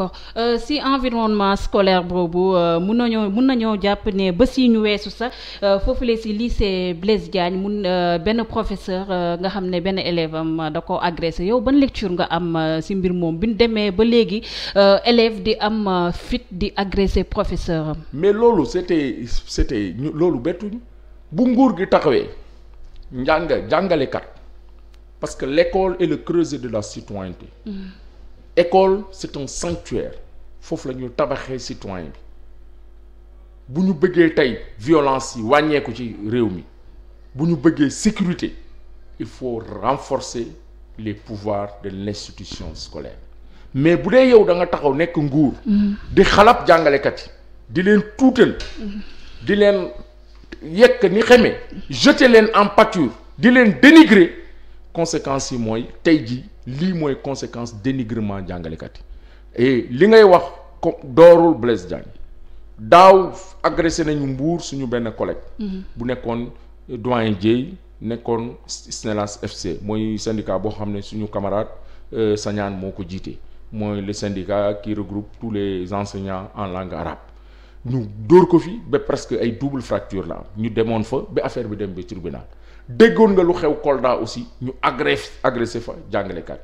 d'accord euh, si environnement scolaire boobu euh, mun nañoo mun nañoo jàpp ne ba si ñu weesu sax foofu euh, foofule si lycée Blaise Diagne mun euh, benn professeur nga xam ne benn élève am da ko agressé yow ban lecture nga am si mbir moom bi ñu demee ba léegi élève di am fit di agressé professeur am mais loolu c'était c'était ñu loolu bettuñ bu nguur gi taxawee njàng jàngalekat parce que l'école est le de la citoyenneté mm. école c'est un sanctuaire foofu la ñu tabaxee citoyen bi bu ñu bëggee tey violence yi wàññeeku ci réew mi bu ñu bëggee sécurité il faut renforcer les pouvoirs de l'institution scolaire mais bu dee yow da nga taxaw nekk nguur mm-hmm. di xalab jàngalekat yi di leen tuutal mm-hmm. di leen yekk ni xeme jeter leen en pâture di leen dénigrer conséquences yi mooy tey ji lii mooy conséquence dénigrement jàngalekat yi li ngay wax comme doorul Blaise Diagne daaw agressé nañu mbuur suñu benn collègue. Mhm. bu nekkoon doyen Dieye nekkoon SNELAS FC mooy syndicat boo xam ne suñu camarade euh, sañaan moo ko jiite mooy le syndicat qui regroupe tous les enseignants en langue arabe. ñu dóor ko fi ba presque ay double fracture la am ñu demoon fa ba affaire bi dem ba tribunal déggoon nga lu xew Kolda aussi ñu agressé agressé fa jàngalekat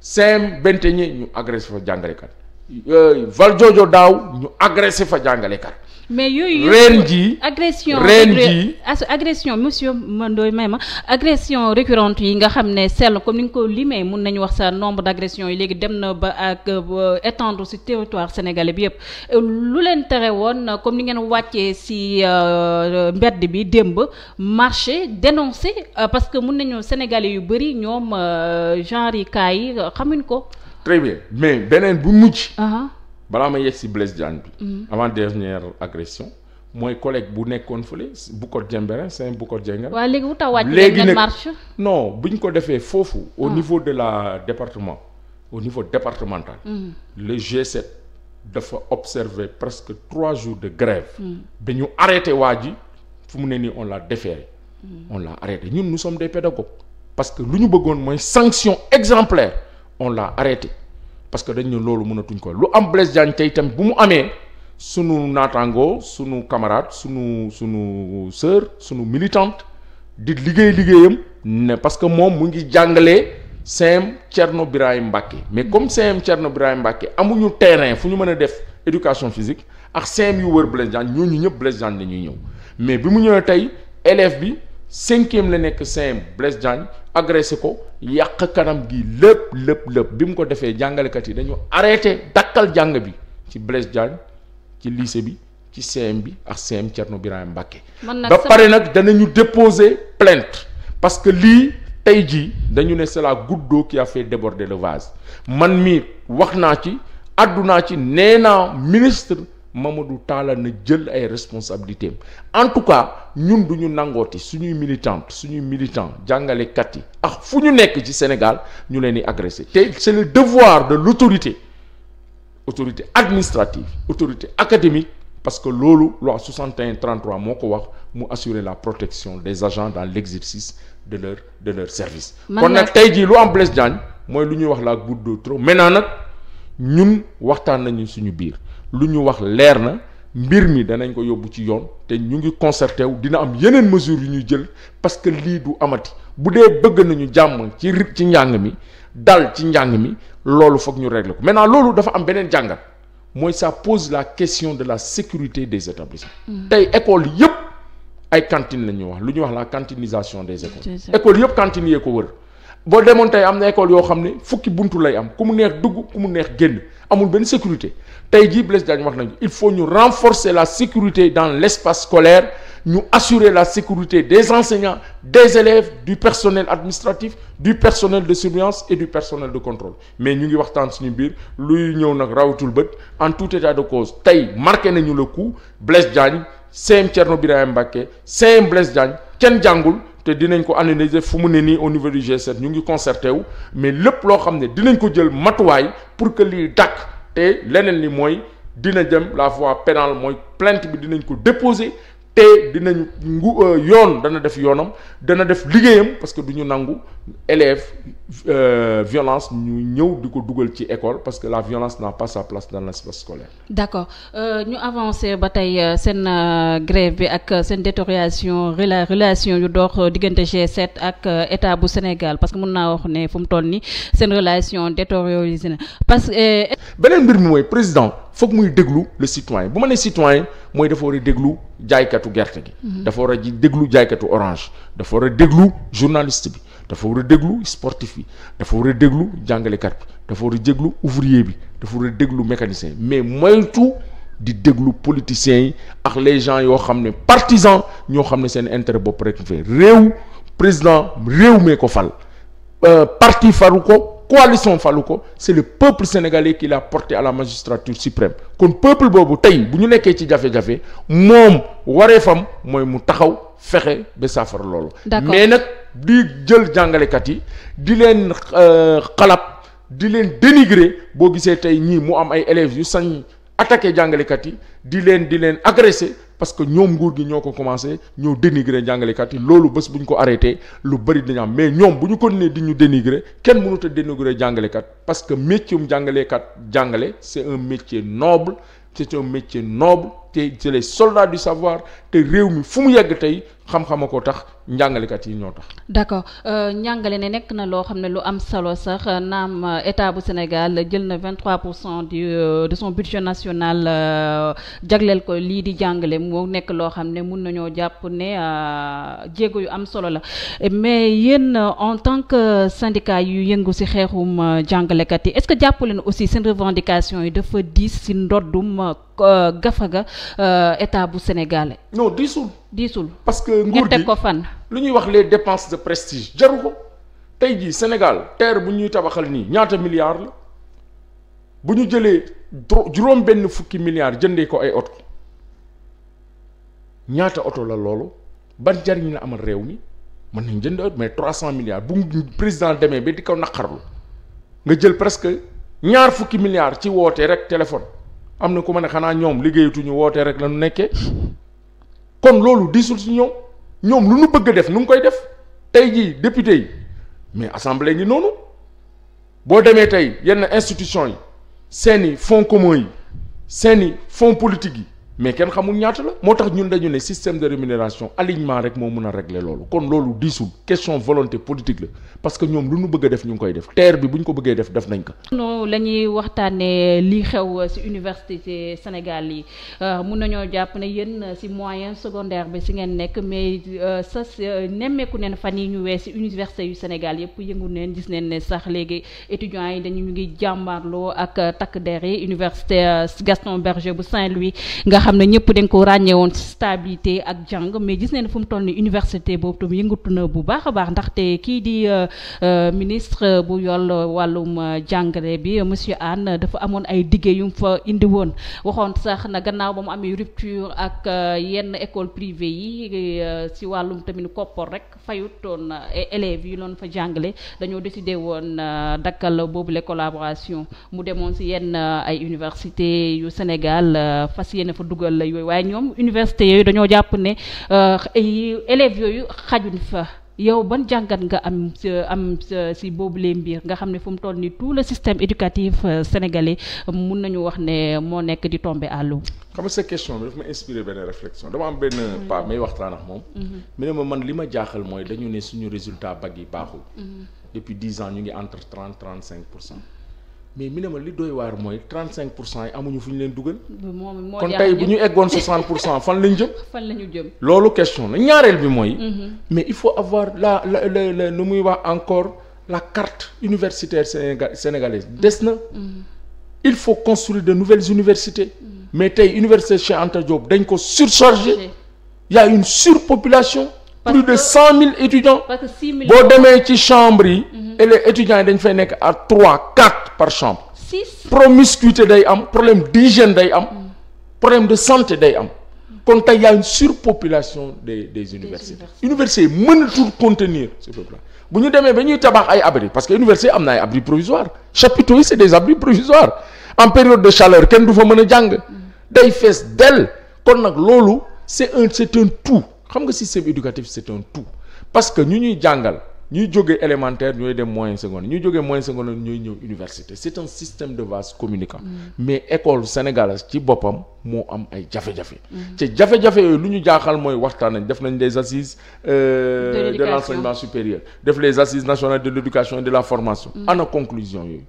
Saint Benteñe ñu agressé fa jàngalekat euh, Valdiodio daaw ñu agressé fa jàngalekat mais yooyu ren ji agression ren ji agression monsieur Mandoy may ma agression récurrente yi nga xam ne sell comme ni nga ko limee mun nañu wax sa nombre d' yi léegi dem na ba ak euh, étendre si territoire sénégalais bi yëpp lu leen tere woon comme ni ngeen wàccee si euh, mbedd bi démb marché dénoncé euh, parce que mun nañoo sénégalais yu bëri ñoom genre yi cas yi xamuñ ko. très bien mais beneen bu mujj. balaa ma yegg si Blaise Diagne bi. Mhm. avant dernière agression. mooy collègue bu nekkoon fële Boucod Diembéring Saint Boucod Diembéring. waaw léegi bu taw wàcc léegi nag marche non bu ñu ko defee foofu. au ah. niveau de la département. au niveau départemental. Mhm. le G7 dafa observer presque trois jours de grève. Mhm. ba ñu arrêté waa ji fu mu ne nii on l'a déféré. on l'a arrêté ñun nous sommes des pédagogues. parce que lu ñu bëggoon mooy sanction exemplaire on l'a arrêté. parce que dañ loolu mënatuñ ko lu am Blaise Diagne tey tamit bu mu amee sunu naataangoo sunu camarade sunu sunu sœur sunu militante di liggéey liggéeyam ne parce que moom mu ngi jàngalee CM Thierno Birahim Mbacké mais comme CM Thierno Birahim Mbacké amuñu terrain fu ñu mën a def éducation physique ak CM yu wër Blaise Diagne ñooñu ñëpp Blaise Diagne la ñuy ñëw mais bi mu ñëwee tey élève bi. cinquième la nekk CM Blaise Diagne agressé ko yàq kanam gi lépp lépp lépp bi mu ko defee jàngalekat yi dañu arrêté dakkal jàng bi ci Blaise Diagne ci lycée bi ci CM bi ak CM Thierno Birahim Mbacké ba pare nag danañu déposer plainte parce que lii tey jii dañu ne c'est la goutte d'eau qui a fait déborder le vase man mii wax naa ci àddunaa ci nee naa ministre ma Mamadou Talla na jël ay responsabilités en tout cas ñun du ñu nangooti suñuy militante suñuy militant jàngalekat yi ak fu ñu nekk ci Sénégal ñu leen di agressé te c'est le devoir de l'autorité autorité administrative autorité académique parce que loolu loo 61 33 moo ko wax mu assurer la protection des agents dans l'exercice de leur de leur service kon nag tey jii lu am Blaise Diagne mooy lu ñuy wax la goutte de trop maintenant nag ñun waxtaan nañu suñu biir lu ñu wax leer na mbir mi danañ ko yóbbu ci yoon te ñu ngi concerté wu dina am yeneen mesures yu ñuy jël parce que lii du amati bu dee bëgg nañu jàmm ci rib ci njàng mi dal ci njàng mi loolu foog ñu régler ko maintenant loolu dafa am beneen jàngat mooy sa pose la question de la sécurité des établissements mm. tey école yëpp ay cantine la ñuy wax lu ñuy wax la cantinisation des écoles écoles yëpp cantine yee ko wër boo demoon tey am na école yoo xam ne fukki buntu lay am ku mu neex dugg ku mu neex génn amul benn sécurité tey jii Blaise Diagne wax nañu il faut ñu renforcer la sécurité dans l'espace scolaire ñu assurer la sécurité des enseignants des élèves du personnel administratif du personnel de surveillance et du personnel de contrôle mais ñu ngi waxtaan suñu biir luy ñëw nag rawatul bët en tout état de cause tey marqué nañu la coup Blaise Diagne CM Thierno Birahim Mbacké CM Blaise Diagne jàngul te dinañ ko analyser fu mu ne nii au niveau ñu ngi concerté wu mais lépp loo xam ne dinañ ko jël matuwaay pour que lii dakk te leneen li mooy dina jëm la voie pénale mooy plainte bi dinañ ko déposer te dinañ ngu euh, yoon dana def yoonam dana def liggéeyam parce que du ñu nangu élève euh, violence ñu ñëw di ko dugal ci école parce que la violence n'a pas sa place dans l'espace scolaire d'accord euh, ñu euh, avancer ba tey seen grève bi ak seen détérioration rela relation yu dox diggante G7 ak état bu Sénégal parce que mun naa wax ne fu mu toll ni seen relation détériorisée na parce que beneen mbir mi mooy président foog muy déglu le citoyen bu ma nee citoyen mooy dafa war a déglu jaaykatu gerte gi. Mhm. dafa war a ji déglu jaaykatu orange. dafa war a déglu journaliste bi dafa war a déglu sportif bi dafa war a déglu jàngalekat bi dafa war a déglu ouvrier bi dafa war a déglu mécanicien mais moytu di déglu politiciens yi ak les gens yoo xam ne partisans ñoo xam ne seen intérêt bopp rek fee réew président réew mee ko fal euh, parti faru ko. coalition falu ko c'est le peuple sénégalais qui l'a porté à la magistrature suprême kon peuple boobu tey bu ñu nekkee ci jafe-jafe moom waree fam mooy mu taxaw fexe ba saafara loolu mais nag di jël jàngalekat yi di leen euh, xalab di leen dénigrer boo gisee tey ñii mu am ay élèves yu sañ attaqué jàngalekat yi di leen di leen agressé parce que ñoom nguur gi ñoo ko commencé ñoo dénigrer jàngalekat yi loolu bés bu ñu ko arrêté lu bari dinañ am mais ñoom bu ñu ko nee di ñu dénigrer kenn mënut a dénigrer jàngalekat parce que métier um jàngalekat jàngale c'est un métier noble c'est un métier noble te c'est les soldats du savoir te réew mi fu mu yegg tey xam-xama ko tax njàngalekat yi ñoo tax. d'accord euh, njàngale ne nekk na loo xam ne lu am solo sax naam état bu Sénégal jël na 23 pour cent du euh, de son budget national euh, jagleel ko lii di jàngale moo nekk loo xam ne mun nañoo jàpp ne jéego yu am solo la mais yéen en tant que syndicat yu yëngu si xeexum jàngalekat yi est-ce que jàpp leen aussi seen revendication yi dafa diis ci ndoddum gafaga état bu Sénégal. diisul parce que nguur teg ko fan lu ñuy wax les dépense de prestige jaru ko tey jii Sénégal terre bu ñuy tabaxal nii ñaata milliards la bu ñu jëlee juróom benn fukki milliards jëndee ko ay oto ñaata oto la loolu ban jariñ la amal réew mi mën nañ jënd oto mais trois cent milliards bu président demee ba di ko naqarlu nga jël presque ñaar fukki milliards ci woote rek téléphone am na ku ma ne xanaa ñoom liggéeyatuñu woote rek la nekkee kon loolu diisul si ñoom ñoom lu nu bëgg a def nu ngi koy def tey jii député yi mais assemblée ngi noonu boo demee tey yenn institution yi seeni fonds communs yi seeni fonds politiques yi mais kenn xamul ñaata la moo tax ñun dañu ne système de rémunération alignement rek moo mën a régler loolu kon loolu diisul question volonté politique la parce que ñoom lu ñu bëgg def ñu ngi koy def terre bi bu ñu ko bëggee def def nañ ko. non la ñuy waxtaanee li xew ci université Sénégal yi euh, mun nañoo jàpp ne yéen ci moyen secondaire bi ci ngeen nekk mais euh, sa nemmeeku neen fan yi ñu wees ci université yu Sénégal yëpp yëngu neen gis neen ne sax léegi étudiants yi dañu ngi jàmbaarloo ak takk der yi université euh, Gaston Berger bu saint xam ne ñëpp dañ ko ràññee woon stabilité ak jàng mais gis nañ fu toll ni université boobu tam yëngatu na bu baax a baax te kii di euh, euh, ministre bu yool wàllum jàngale bi monsieur Anne dafa amoon ay diggé yu mu fa indi woon waxoon sax na gannaaw ba mu amee rupture ak euh, yenn école privée yi si wàllum tamit koppor rek fayutoon élèves yi loon fa jàngale dañoo décidé woon dakkal boobu la collaboration mu demoon si yenn ay université yu Sénégal dugal la yooyu waaye ñoom université yooyu dañoo jàpp ne euh, élèves yooyu xajuñ fa yow ban jàngat nga am am si boobu lee mbir nga xam ne fu mu toll nii tout le système éducatif euh, sénégalais mun nañu wax ne moo nekk di tomber à l'eau. sa question bi daf ma inspiré benn réflexion dama am benn mm-hmm. pas may waxtaan ak moom. Mm-hmm. mu ne ma man li ma jaaxal mooy dañu ne suñu résultat bac yi baaxul. Mm-hmm. depuis dix ans ñu ngi entre trente trente cinq pour cent. mais mi ne ma li doy waar mooy 35 pour cent yi amuñu fu ñu leen dugal. kon tey bu ñu eggoon 60 pour cent fan lañ jëm. fan lañu jëm. loolu question la ñaareel bi mooy. Mhm. mais il faut avoir la la la nu muy wax encore la carte universitaire sénégal des na. Mhm. il faut construire de nouvelle universités. Mhm. mais tey université Cheikh Anta Diop dañ ko surchargé. il y a une surpopulation. plus de cent mille étudiants. boo demee ci chambre yi. et yi dañ fay nekk à trois par chambre. six promiscuité day am problème d'hygiène day am. problème de santé day am. kon tey y a une surpopulation des des universités. université yi mënatul contenir bu ñu demee ba ñuy tabax ay abri parce que université am na ay abri provisoire chapiteaux yi c'est des abris provisoires en période de chaleur kenn du fa mën a jàng. day fees dell kon nag loolu c'est un c'est un tout xam nga système éducatif c'est un tout parce que ñu ñuy jàngal. ñuy jóge élémentaire ñooy dem moyen secondaire ñuy jógee moyen secondaire ñooy ñëw université c' est un système de vase communicant mm. mais école sénégalaise ci boppam moo am ay jafe-jafe mm. te jafe-jafe yooyu lu ñu jaaxal mooy waxtaan nañ def nañ des assises euh, de l' enseignement supérieur def les assises nationales de l' de la formation mm. ana conclusion yooyu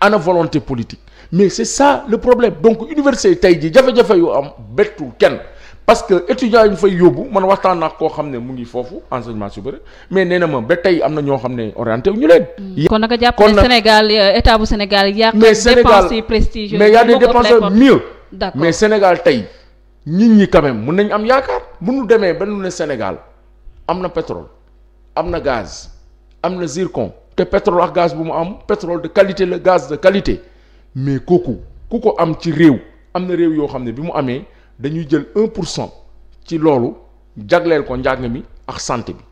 ana volonté politique mais c' ça le problème donc université tey jii jafe-jafe yu am bettul kenn parce que étudiants yi ñu fay yóbbu man waxtaan naa koo xam ne mu ngi foofu enseignement supérieur mais nee na ma ba tey am na ñoo xam ne orienté wu ñu leen. Mm. kon naka jàpp ne Sénégal euh, état bu Sénégal yàq dépenses yi prestigieuses mais y a des dépenses mais Sénégal tey nit ñi quand mun nañ am yaakaar bu nu demee ba nu ne Sénégal am na pétrole am na gaz am na zircon te pétrole ak gaz bu mu am pétrole de qualité la gaz de qualité mais kooku ku ko am ci réew am na réew yoo xam ne bi mu amee. dañuy jël un pour cent ci loolu jagleel ko njàng mi ak santé bi